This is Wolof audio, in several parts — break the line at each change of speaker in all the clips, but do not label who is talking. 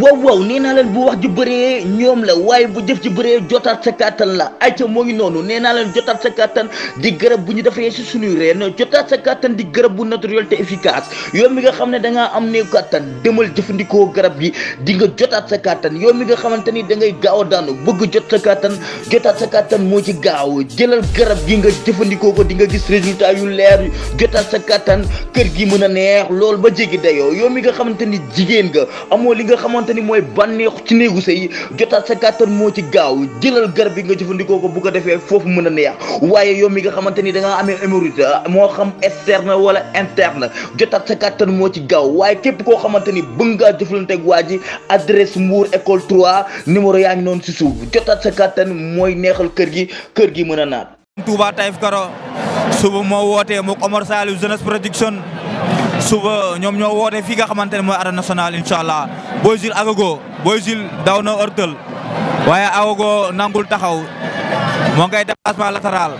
waaw waaw nee naa leen bu wax ji bëree ñoom la waaye bu jëf ji bëree jotaat sa kàttan la ayca moo ngi noonu nee naa leen jotaat sa kàttan di garab bu ñu defee si suñuy reen jotaat sa kàttan di garab bu naturel te efficace yow mi nga xam ne da ngaa am néew kàttan demal jëfandikoo garab gi di nga jotaat sa kàttan yow mi nga xamante ni da ngay gaaw a daanu bëgg jot sa kàttan jotaat sa kàttan moo ci gaaw jëlal garab gi nga jëfandikoo ko di nga gis résultat yu leer jotaat sa kàttan kër gi mën a neex lool ba jéggi dayoo yow mi nga xamante ni jigéen nga amoo li nga xam xamante ni mooy bànneexu ci néegu sëy jotaat sa kàttan moo ci gaaw jëlal garab bi nga jëfandikoo ko bu ko defee foofu mën a neex waaye yow mi nga xamante ni da ngaa amee hémorroïde moo xam externe wala interne jotaat sa kàttan moo ci gaaw waaye képp koo xamante ni bëgg ngaa jëflanteeg waa ji adresse Mbour école 3 numéro yaa ngi noonu si suuf jotaat sa kàttan mooy neexal kër gi kër gi mën a naat.
Touba Taïf suba ñoom ñoo woote fi nga xamante ne mooy arène nationale incha allah Boy Jules Agogo Boy Jules daw na ërtël waaye Agogo nangul taxaw moo ngay déplacement latéral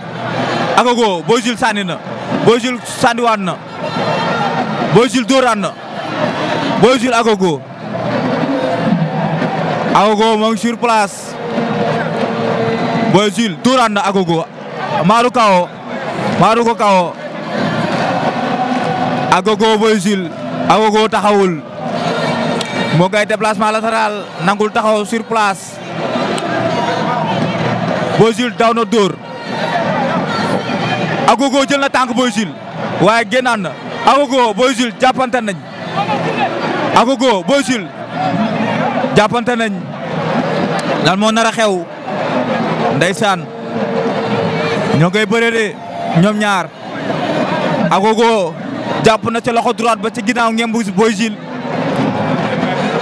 Agogo Boy Jules sànni na Boy na Boy Jules na Boy Jules Agogo Agogo moo ngi sur place Boy Jules Agogo maaru kawo maaru kawo Agogo Boy Jules Agogo taxawul moo ngay déplacement latéral nangul taxaw sur place Boy Jules daw na dóor Agogo jël na tànk Boy Jules waaye génnaan na Agogo Boy Jules jàppante nañ Agogo bo Jules jàppante nañ lan moo nar a xew ndeysaan ñoo ngay ñoom ñaar Agogo jàpp na ca loxo droite ba ca ginnaaw ngeen bu Boy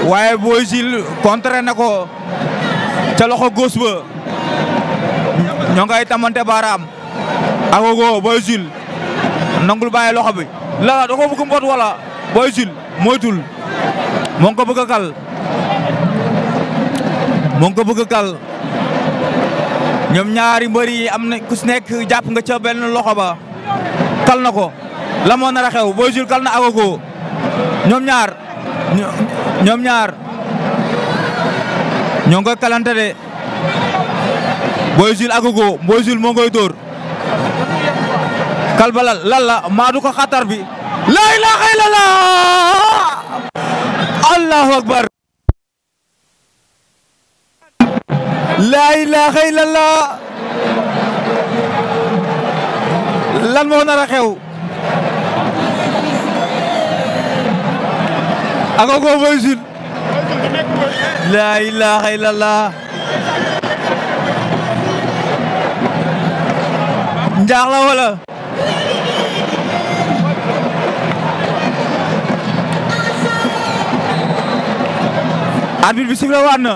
waaye Boy Jules contré na ko ca loxo gauche ba ñoo ngay tamante baaraam agogo Boy Jules nangul bàyyi loxo bi la da ko bëgg mbot wala Boy Jules moytul moo ngi ko bëgg a kal moo ko bëgg a kal ñoom ñaari mbër yi am na ku si nekk jàpp nga ca benn loxo ba kal na ko la moo nar xew Boy Jules kal na Agogo ñoom ñaar ñoom ñaar ñoo ngi koy kalante de Boy moo ngi koy dóor kal ba lal lan la maa du ko xatar bi la ilaha illallah allahu akbar la ilaha illallah lan moo nar xew aka ko mooy Jules laa ilaaha illallah njaax la wala arbitre bi sifflé waat na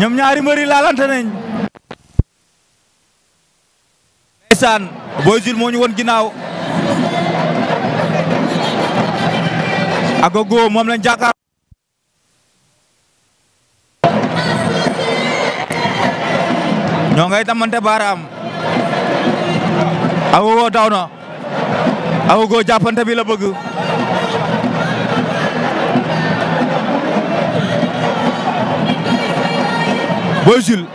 ñoom ñaari mbër yi laalante nañ ndeysaan won ginnaaw Agogo moom lañ jàkkaar ñoo ngay tamante baaraam Agogo daw na Agogo jàppante bi la bëgg Boy Jules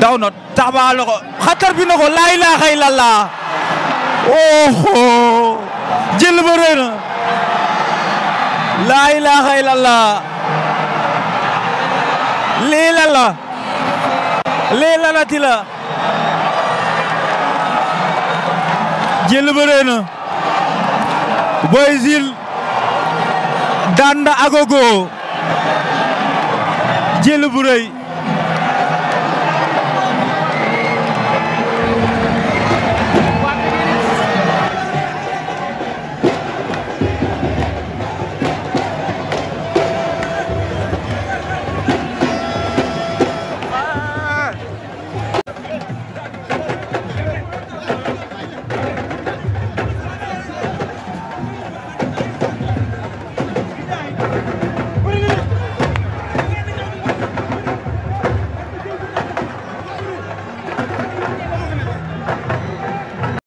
daw na taxabaa la ko xatar bi na laa ilaaha illallah oh jël ba laa ilaaha illallah lii lan la lii lanati la Agogo jël